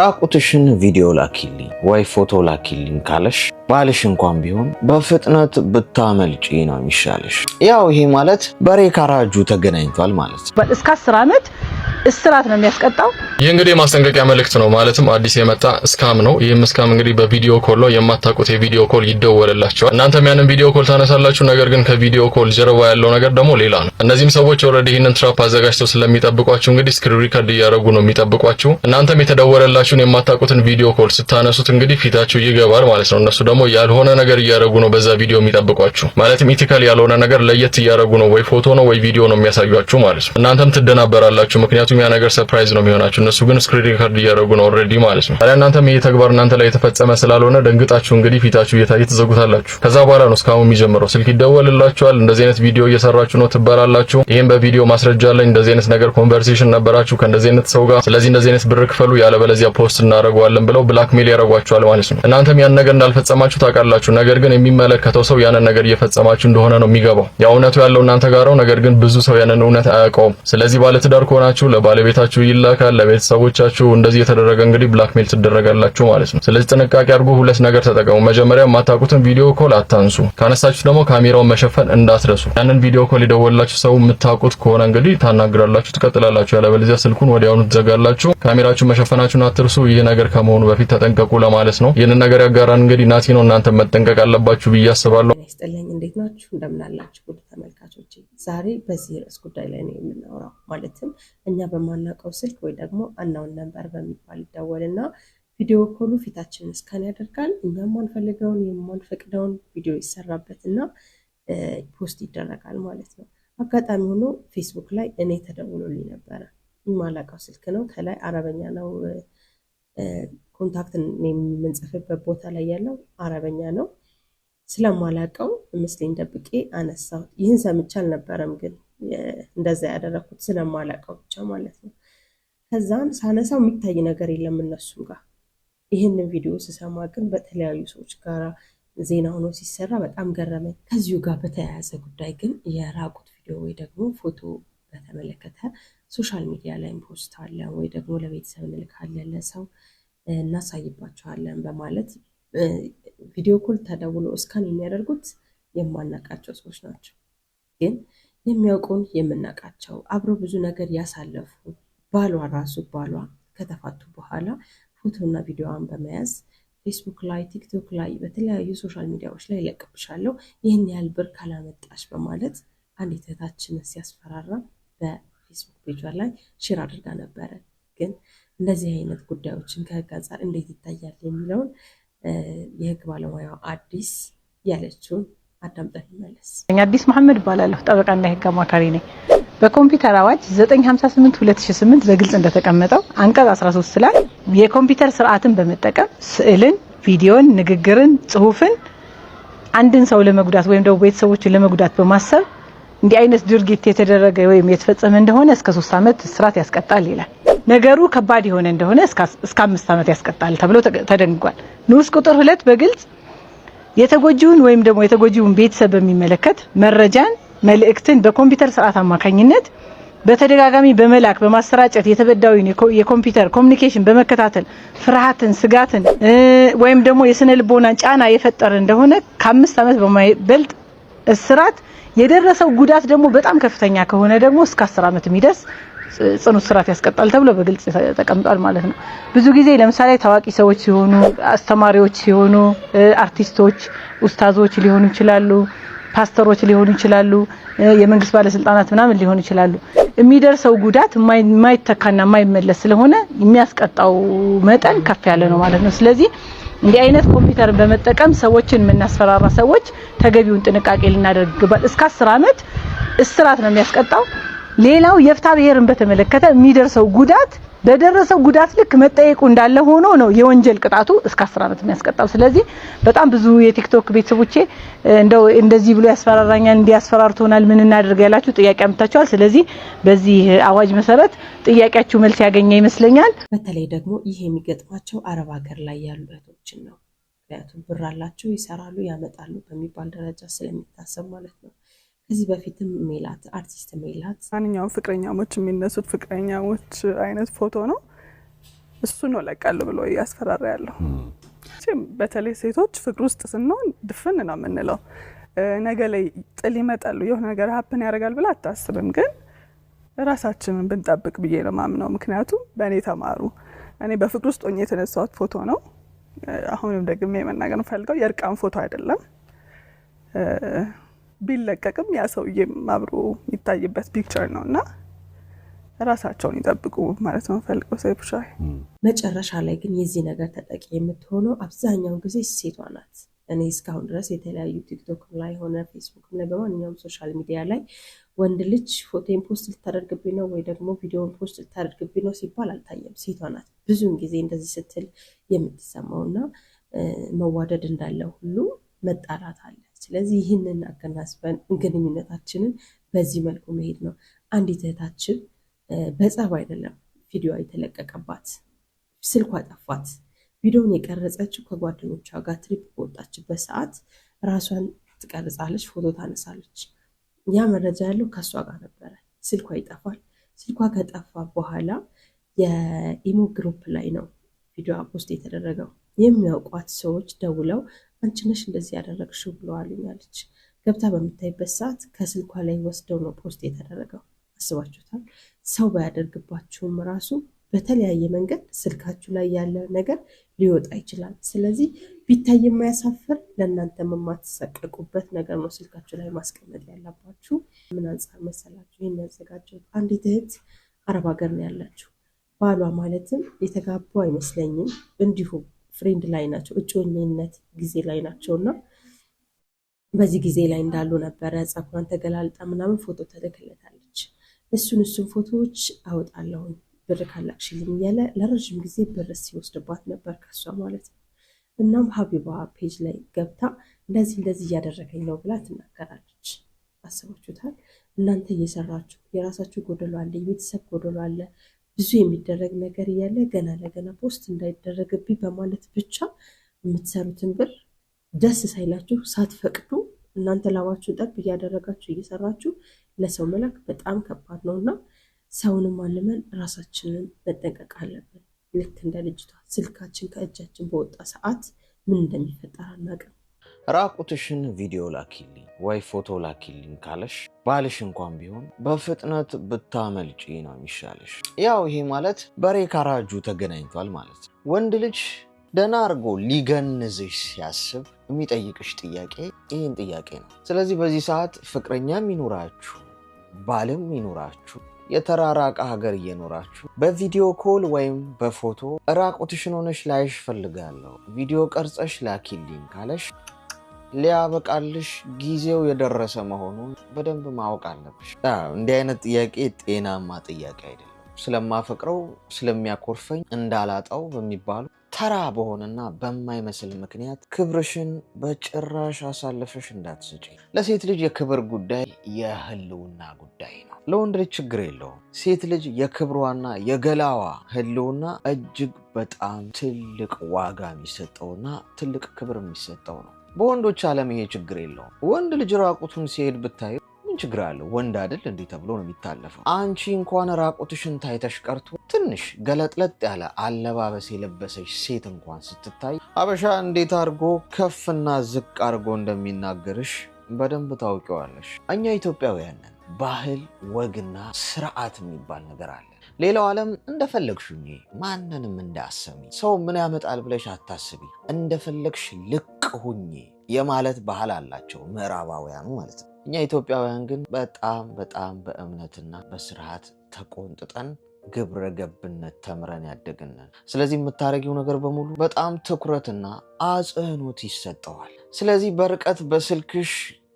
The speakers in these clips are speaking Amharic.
ራቁትሽን ቪዲዮ ላኪልኝ ወይ ፎቶ ላኪልኝ ካለሽ ባልሽ እንኳን ቢሆን በፍጥነት ብታመልጪ ነው የሚሻለሽ። ያው ይሄ ማለት በሬ ካራጁ ተገናኝቷል ማለት ነው። እስከ አስር ዓመት እስራት ነው የሚያስቀጣው። ይህ እንግዲህ የማስጠንቀቂያ መልእክት ነው። ማለትም አዲስ የመጣ እስካም ነው። ይህም እስካም እንግዲህ በቪዲዮ ኮል ነው። የማታውቁት የቪዲዮ ኮል ይደወልላቸዋል። እናንተም ያንን ቪዲዮ ኮል ታነሳላችሁ። ነገር ግን ከቪዲዮ ኮል ጀርባ ያለው ነገር ደግሞ ሌላ ነው። እነዚህም ሰዎች ኦልሬዲ ይህንን ትራፕ አዘጋጅተው ስለሚጠብቋችሁ እንግዲህ ስክሪን ሪከርድ እያደረጉ ነው የሚጠብቋችሁ። እናንተም የተደወለላ ፊታችሁን የማታውቁትን ቪዲዮ ኮል ስታነሱት እንግዲህ ፊታችሁ ይገባል ማለት ነው። እነሱ ደግሞ ያልሆነ ነገር እያደረጉ ነው በዛ ቪዲዮ የሚጠብቋችሁ ማለትም ኢቲካል ያልሆነ ነገር ለየት እያደረጉ ነው፣ ወይ ፎቶ ነው ወይ ቪዲዮ ነው የሚያሳዩአችሁ ማለት ነው። እናንተም ትደናበራላችሁ፣ ምክንያቱም ያ ነገር ሰርፕራይዝ ነው የሚሆናችሁ። እነሱ ግን ስክሪን ሪከርድ እያደረጉ ነው ኦልሬዲ ማለት ነው። ታዲያ እናንተም ይሄ ተግባር እናንተ ላይ የተፈጸመ ስላልሆነ ደንግጣችሁ እንግዲህ ፊታችሁ እየታየ ትዘጉታላችሁ። ከዛ በኋላ ነው እስካሁን የሚጀምረው። ስልክ ይደወልላችኋል፣ እንደዚህ አይነት ቪዲዮ እየሰራችሁ ነው ትባላላችሁ። ይህም በቪዲዮ ማስረጃ አለኝ፣ እንደዚህ አይነት ነገር ኮንቨርሴሽን ነበራችሁ ከእንደዚህ አይነት ሰው ጋር፣ ስለዚህ እንደዚህ አይነት ብር ክፈሉ ያለበለዚያ እዚያ ፖስት እናደርገዋለን ብለው ብላክሜል ያደርጓችኋል ማለት ነው። እናንተም ያን ነገር እንዳልፈጸማችሁ ታውቃላችሁ። ነገር ግን የሚመለከተው ሰው ያንን ነገር እየፈጸማችሁ እንደሆነ ነው የሚገባው። ያው እውነቱ ያለው እናንተ ጋር ነው። ነገር ግን ብዙ ሰው ያንን እውነት አያውቀውም። ስለዚህ ባለትዳር ከሆናችሁ ለባለቤታችሁ ይላካል፣ ለቤተሰቦቻችሁ እንደዚህ የተደረገ እንግዲህ ብላክሜል ትደረጋላችሁ ማለት ነው። ስለዚህ ጥንቃቄ አድርጉ። ሁለት ነገር ተጠቀሙ። መጀመሪያ የማታውቁትን ቪዲዮ ኮል አታንሱ። ካነሳችሁ ደግሞ ካሜራውን መሸፈን እንዳትረሱ። ያንን ቪዲዮ ኮል የደወላችሁ ሰው የምታውቁት ከሆነ እንግዲህ ታናግራላችሁ፣ ትቀጥላላችሁ። ያለበለዚያ ስልኩን ወዲያውኑ ትዘጋላችሁ። ካሜራችሁ መሸፈናችሁና አትርሱ። ይህ ነገር ከመሆኑ በፊት ተጠንቀቁ ለማለት ነው። ይህንን ነገር ያጋራን እንግዲህ ናቲ ነው። እናንተ መጠንቀቅ አለባችሁ ብዬ አስባለሁ። ይስጥልኝ። እንዴት ናችሁ? እንደምናላችሁ ውድ ተመልካቾች፣ ዛሬ በዚህ ርዕስ ጉዳይ ላይ ነው የምናወራው። ማለትም እኛ በማናውቀው ስልክ ወይ ደግሞ አናውን ነንበር በሚባል ይደወልና ቪዲዮ ኮሉ ፊታችንን እስካን ያደርጋል። እኛ የማንፈልገውን የማንፈቅደውን ቪዲዮ ይሰራበት እና ፖስት ይደረጋል ማለት ነው። አጋጣሚ ሆኖ ፌስቡክ ላይ እኔ ተደውሎልኝ ነበረ። የማላውቀው ስልክ ነው። ከላይ አረበኛ ነው ኮንታክት የምንጽፍበት ቦታ ላይ ያለው አረበኛ ነው። ስለማላቀው ምስሌን ደብቄ አነሳው። ይህን ሰምቼ አልነበረም፣ ግን እንደዛ ያደረኩት ስለማላቀው ብቻ ማለት ነው። ከዛን ሳነሳው የሚታይ ነገር የለም እነሱ ጋር። ይህንን ቪዲዮ ስሰማ ግን በተለያዩ ሰዎች ጋር ዜና ሆኖ ሲሰራ በጣም ገረመኝ። ከዚሁ ጋር በተያያዘ ጉዳይ ግን የራቁት ቪዲዮ ወይ ደግሞ ፎቶ በተመለከተ ሶሻል ሚዲያ ላይ እንፖስታለን ወይ ደግሞ ለቤተሰብ እንልካለን፣ ለሰው እናሳይባቸዋለን በማለት ቪዲዮ ኮል ተደውሎ እስካን የሚያደርጉት የማናውቃቸው ሰዎች ናቸው። ግን የሚያውቁን የምናቃቸው አብረው ብዙ ነገር ያሳለፉ ባሏ ራሱ ባሏ ከተፋቱ በኋላ ፎቶና ቪዲዮዋን በመያዝ ፌስቡክ ላይ፣ ቲክቶክ ላይ በተለያዩ ሶሻል ሚዲያዎች ላይ ይለቅብሻለሁ ይህን ያህል ብር ካላመጣሽ በማለት አንድ እህታችንን ሲያስፈራራ በፌስቡክ ፔጇ ላይ ሼር አድርጋ ነበረ። ግን እንደዚህ አይነት ጉዳዮችን ከህግ አንጻር እንዴት ይታያል የሚለውን የህግ ባለሙያው አዲስ ያለችውን አዳምጠን መለስ። አዲስ መሐመድ እባላለሁ ጠበቃና የህግ አማካሪ ነኝ። በኮምፒውተር አዋጅ 958 2008 በግልጽ እንደተቀመጠው አንቀጽ 13 ላይ የኮምፒውተር ስርዓትን በመጠቀም ስዕልን፣ ቪዲዮን፣ ንግግርን፣ ጽሁፍን አንድን ሰው ለመጉዳት ወይም ደግሞ ቤተሰቦችን ለመጉዳት በማሰብ እንዲህ አይነት ድርጊት የተደረገ ወይም የተፈጸመ እንደሆነ እስከ ሶስት ዓመት እስራት ያስቀጣል ይላል። ነገሩ ከባድ የሆነ እንደሆነ እስከ አምስት ዓመት ያስቀጣል ተብሎ ተደንግጓል። ንዑስ ቁጥር ሁለት በግልጽ የተጎጂውን ወይም ደግሞ የተጎጂውን ቤተሰብ በሚመለከት መረጃን፣ መልእክትን በኮምፒውተር ስርዓት አማካኝነት በተደጋጋሚ በመላክ በማሰራጨት የተበዳዩን የኮምፒውተር ኮሚኒኬሽን በመከታተል ፍርሃትን፣ ስጋትን ወይም ደግሞ የስነ ልቦናን ጫና የፈጠረ እንደሆነ ከአምስት ዓመት በማይበልጥ እስራት የደረሰው ጉዳት ደግሞ በጣም ከፍተኛ ከሆነ ደግሞ እስከ 10 ዓመት የሚደርስ ጽኑ እስራት ያስቀጣል ተብሎ በግልጽ ተቀምጧል ማለት ነው። ብዙ ጊዜ ለምሳሌ ታዋቂ ሰዎች ሲሆኑ፣ አስተማሪዎች ሲሆኑ፣ አርቲስቶች፣ ኡስታዞች ሊሆኑ ይችላሉ፣ ፓስተሮች ሊሆኑ ይችላሉ፣ የመንግስት ባለስልጣናት ምናምን ሊሆኑ ይችላሉ። የሚደርሰው ጉዳት የማይተካና የማይመለስ ስለሆነ የሚያስቀጣው መጠን ከፍ ያለ ነው ማለት ነው። ስለዚህ እንዲህ አይነት ኮምፒውተር በመጠቀም ሰዎችን የምናስፈራራ ሰዎች ተገቢውን ጥንቃቄ ልናደርግ ይገባል። እስከ አስር አመት እስራት ነው የሚያስቀጣው። ሌላው የፍታ ብሔርን በተመለከተ የሚደርሰው ጉዳት በደረሰው ጉዳት ልክ መጠየቁ እንዳለ ሆኖ ነው የወንጀል ቅጣቱ እስከ 10 ዓመት የሚያስቀጣው። ስለዚህ በጣም ብዙ የቲክቶክ ቤተሰቦቼ እንደው እንደዚህ ብሎ ያስፈራራኛል፣ እንዲያስፈራርቶናል፣ ምን እናደርግ ያላችሁ ጥያቄ አምጥታችኋል። ስለዚህ በዚህ አዋጅ መሰረት ጥያቄያችሁ መልስ ያገኘ ይመስለኛል። በተለይ ደግሞ ይህ የሚገጥማቸው አረብ ሀገር ላይ ያሉ እህቶችን ነው። ምክንያቱም ብር አላቸው፣ ይሰራሉ፣ ያመጣሉ በሚባል ደረጃ ስለሚታሰብ ማለት ነው። ከዚህ በፊትም ሜላት አርቲስት ሜላት ማንኛውም ፍቅረኛሞች የሚነሱት ፍቅረኛሞች አይነት ፎቶ ነው። እሱ ነው እለቃለሁ ብሎ እያስፈራራ ያለው። በተለይ ሴቶች ፍቅር ውስጥ ስንሆን ድፍን ነው የምንለው። ነገ ላይ ጥል ይመጣሉ የሆነ ነገር ሀፕን ያደርጋል ብላ አታስብም። ግን ራሳችንን ብንጠብቅ ብዬ ነው ማምነው። ምክንያቱም በእኔ ተማሩ። እኔ በፍቅር ውስጥ ሆኜ የተነሳሁት ፎቶ ነው። አሁንም ደግሜ መናገር ፈልገው የእርቃን ፎቶ አይደለም ቢለቀቅም ያ ሰውዬም አብሮ የሚታይበት ፒክቸር ነው እና ራሳቸውን ይጠብቁ ማለት ነው ፈልገው ሰይፉ መጨረሻ ላይ ግን የዚህ ነገር ተጠቂ የምትሆነው አብዛኛውን ጊዜ ሴቷ ናት። እኔ እስካሁን ድረስ የተለያዩ ቲክቶክ ላይ ሆነ ፌስቡክ ላይ በማንኛውም ሶሻል ሚዲያ ላይ ወንድ ልጅ ፎቶን ፖስት ልታደርግብኝ ነው ወይ ደግሞ ቪዲዮን ፖስት ልታደርግብኝ ነው ሲባል አልታየም። ሴቷ ናት ብዙውን ጊዜ እንደዚህ ስትል የምትሰማው እና መዋደድ እንዳለ ሁሉ መጣላት አለ። ስለዚህ ይህንን አገናዝበን ግንኙነታችንን በዚህ መልኩ መሄድ ነው። አንዲት እህታችን በጸብ አይደለም ቪዲዮ የተለቀቀባት፣ ስልኳ ጠፋት። ቪዲዮውን የቀረጸችው ከጓደኞቿ ጋር ትሪፕ በወጣችበት ሰዓት ራሷን ትቀርጻለች፣ ፎቶ ታነሳለች። ያ መረጃ ያለው ከእሷ ጋር ነበረ። ስልኳ ይጠፋል። ስልኳ ከጠፋ በኋላ የኢሞ ግሩፕ ላይ ነው ቪዲዮ ፖስት የተደረገው። የሚያውቋት ሰዎች ደውለው አንቺ ነሽ እንደዚህ ያደረግሽው ብለዋሉኝ አለች። ገብታ በምታይበት ሰዓት ከስልኳ ላይ ወስደው ነው ፖስት የተደረገው። አስባችሁታል? ሰው ባያደርግባችሁም ራሱ በተለያየ መንገድ ስልካችሁ ላይ ያለ ነገር ሊወጣ ይችላል። ስለዚህ ቢታይ የማያሳፍር ለእናንተ የማትሰቀቁበት ነገር ነው ስልካችሁ ላይ ማስቀመጥ ያለባችሁ። ምን አንጻር መሰላችሁ ይህን ያዘጋጀሁት? አንዲት እህት አረብ ሀገር ነው ያላችሁ። ባሏ ማለትም የተጋቡ አይመስለኝም እንዲሁም ፍሬንድ ላይ ናቸው፣ እጮኝነት ጊዜ ላይ ናቸው እና በዚህ ጊዜ ላይ እንዳሉ ነበረ። ጸጉሯን ተገላልጣ ምናምን ፎቶ ተልክለታለች። እሱን እሱን ፎቶዎች አወጣለሁኝ ብር ካላክሽልኝ እያለ ለረዥም ጊዜ ብር ሲወስድባት ነበር ከሷ ማለት ነው። እናም ሀቢባ ፔጅ ላይ ገብታ እንደዚህ እንደዚህ እያደረገኝ ነው ብላ ትናገራለች። አስባችሁታል? እናንተ እየሰራችሁ የራሳችሁ ጎደሎ አለ፣ የቤተሰብ ጎደሎ አለ፣ ብዙ የሚደረግ ነገር እያለ ገና ለገና ፖስት እንዳይደረግብኝ በማለት ብቻ የምትሰሩትን ብር ደስ ሳይላችሁ ሳትፈቅዱ እናንተ ላባችሁን ጠብ እያደረጋችሁ እየሰራችሁ ለሰው መላክ በጣም ከባድ ነው እና ሰውንም አልመን ራሳችንን መጠንቀቅ አለብን። ልክ እንደ ልጅቷ ስልካችን ከእጃችን በወጣ ሰዓት ምን እንደሚፈጠር አናውቅም። ራቁትሽን ቪዲዮ ላኪልኝ ወይ ፎቶ ላኪልኝ ካለሽ ባልሽ እንኳን ቢሆን በፍጥነት ብታመልጪ ነው የሚሻለሽ። ያው ይሄ ማለት በሬ ካራጁ ተገናኝቷል ማለት ነው። ወንድ ልጅ ደህና አድርጎ ሊገንዝሽ ሲያስብ የሚጠይቅሽ ጥያቄ ይህን ጥያቄ ነው። ስለዚህ በዚህ ሰዓት ፍቅረኛም ይኑራችሁ ባልም ይኑራችሁ የተራራቀ ሀገር እየኖራችሁ በቪዲዮ ኮል ወይም በፎቶ ራቁትሽን ሆነሽ ላይሽ ፈልጋለሁ ቪዲዮ ቀርጸሽ ላኪልኝ ካለሽ ሊያበቃልሽ ጊዜው የደረሰ መሆኑን በደንብ ማወቅ አለብሽ። እንዲህ አይነት ጥያቄ ጤናማ ጥያቄ አይደለም። ስለማፈቅረው ስለሚያኮርፈኝ እንዳላጣው በሚባሉ ተራ በሆነና በማይመስል ምክንያት ክብርሽን በጭራሽ አሳልፈሽ እንዳትሰጪ። ለሴት ልጅ የክብር ጉዳይ የህልውና ጉዳይ ነው። ለወንድ ልጅ ችግር የለውም። ሴት ልጅ የክብሯና የገላዋ ህልውና እጅግ በጣም ትልቅ ዋጋ የሚሰጠውና ትልቅ ክብር የሚሰጠው ነው። በወንዶች ዓለም ይሄ ችግር የለውም። ወንድ ልጅ ራቁቱን ሲሄድ ብታዩ ምን ችግር አለው? ወንድ አይደል እንዲህ ተብሎ ነው የሚታለፈው። አንቺ እንኳን ራቁትሽን ታይተሽ ቀርቶ ትንሽ ገለጥለጥ ያለ አለባበስ የለበሰች ሴት እንኳን ስትታይ አበሻ እንዴት አድርጎ ከፍና ዝቅ አድርጎ እንደሚናገርሽ በደንብ ታውቂዋለሽ። እኛ ኢትዮጵያውያንን ባህል፣ ወግና ስርዓት የሚባል ነገር አለ። ሌላው ዓለም እንደፈለግሹኝ ማንንም እንዳሰሚ ሰው ምን ያመጣል ብለሽ አታስቢ፣ እንደፈለግሽ ልቅ ሁኝ የማለት ባህል አላቸው ምዕራባውያኑ ማለት ነው። እኛ ኢትዮጵያውያን ግን በጣም በጣም በእምነትና በስርዓት ተቆንጥጠን ግብረ ገብነት ተምረን ያደግነን። ስለዚህ የምታደርጊው ነገር በሙሉ በጣም ትኩረትና አጽህኖት ይሰጠዋል። ስለዚህ በርቀት በስልክሽ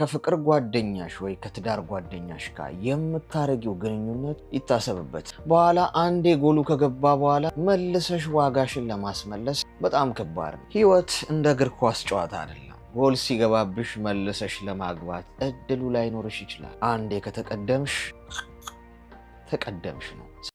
ከፍቅር ጓደኛሽ ወይ ከትዳር ጓደኛሽ ጋር የምታረጊው ግንኙነት ይታሰብበት። በኋላ አንዴ ጎሉ ከገባ በኋላ መልሰሽ ዋጋሽን ለማስመለስ በጣም ከባድ ነው። ህይወት እንደ እግር ኳስ ጨዋታ አይደለም። ጎል ሲገባብሽ መልሰሽ ለማግባት እድሉ ላይኖርሽ ይችላል። አንዴ ከተቀደምሽ ተቀደምሽ ነው።